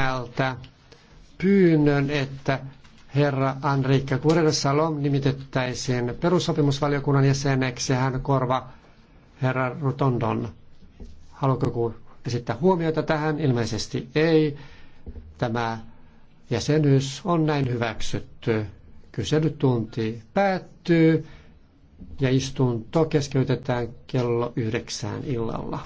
ryhmältä pyynnön, että herra Anriikka Kurel Salom nimitettäisiin perussopimusvaliokunnan jäseneksi. Hän korva herra Rotondon. Haluatko esittää huomiota tähän? Ilmeisesti ei. Tämä jäsenyys on näin hyväksytty. Kyselytunti päättyy ja istunto keskeytetään kello yhdeksään illalla.